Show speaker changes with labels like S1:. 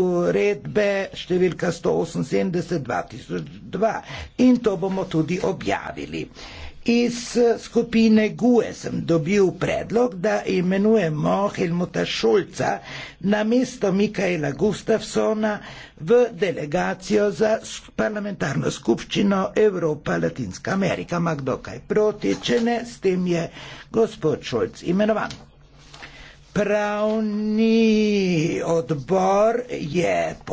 S1: uredbe številka 178-2002 in to bomo tudi objavili. Iz skupine GUE sem dobil predlog, da imenujemo Helmuta Šulca na mesto Mikaela Gustafsona v delegacijo za parlamentarno skupščino Evropa Latinska Amerika. Ma kdo kaj proti, če ne, s tem je gospod Šulc imenovan. Pravni odbor
S2: je po.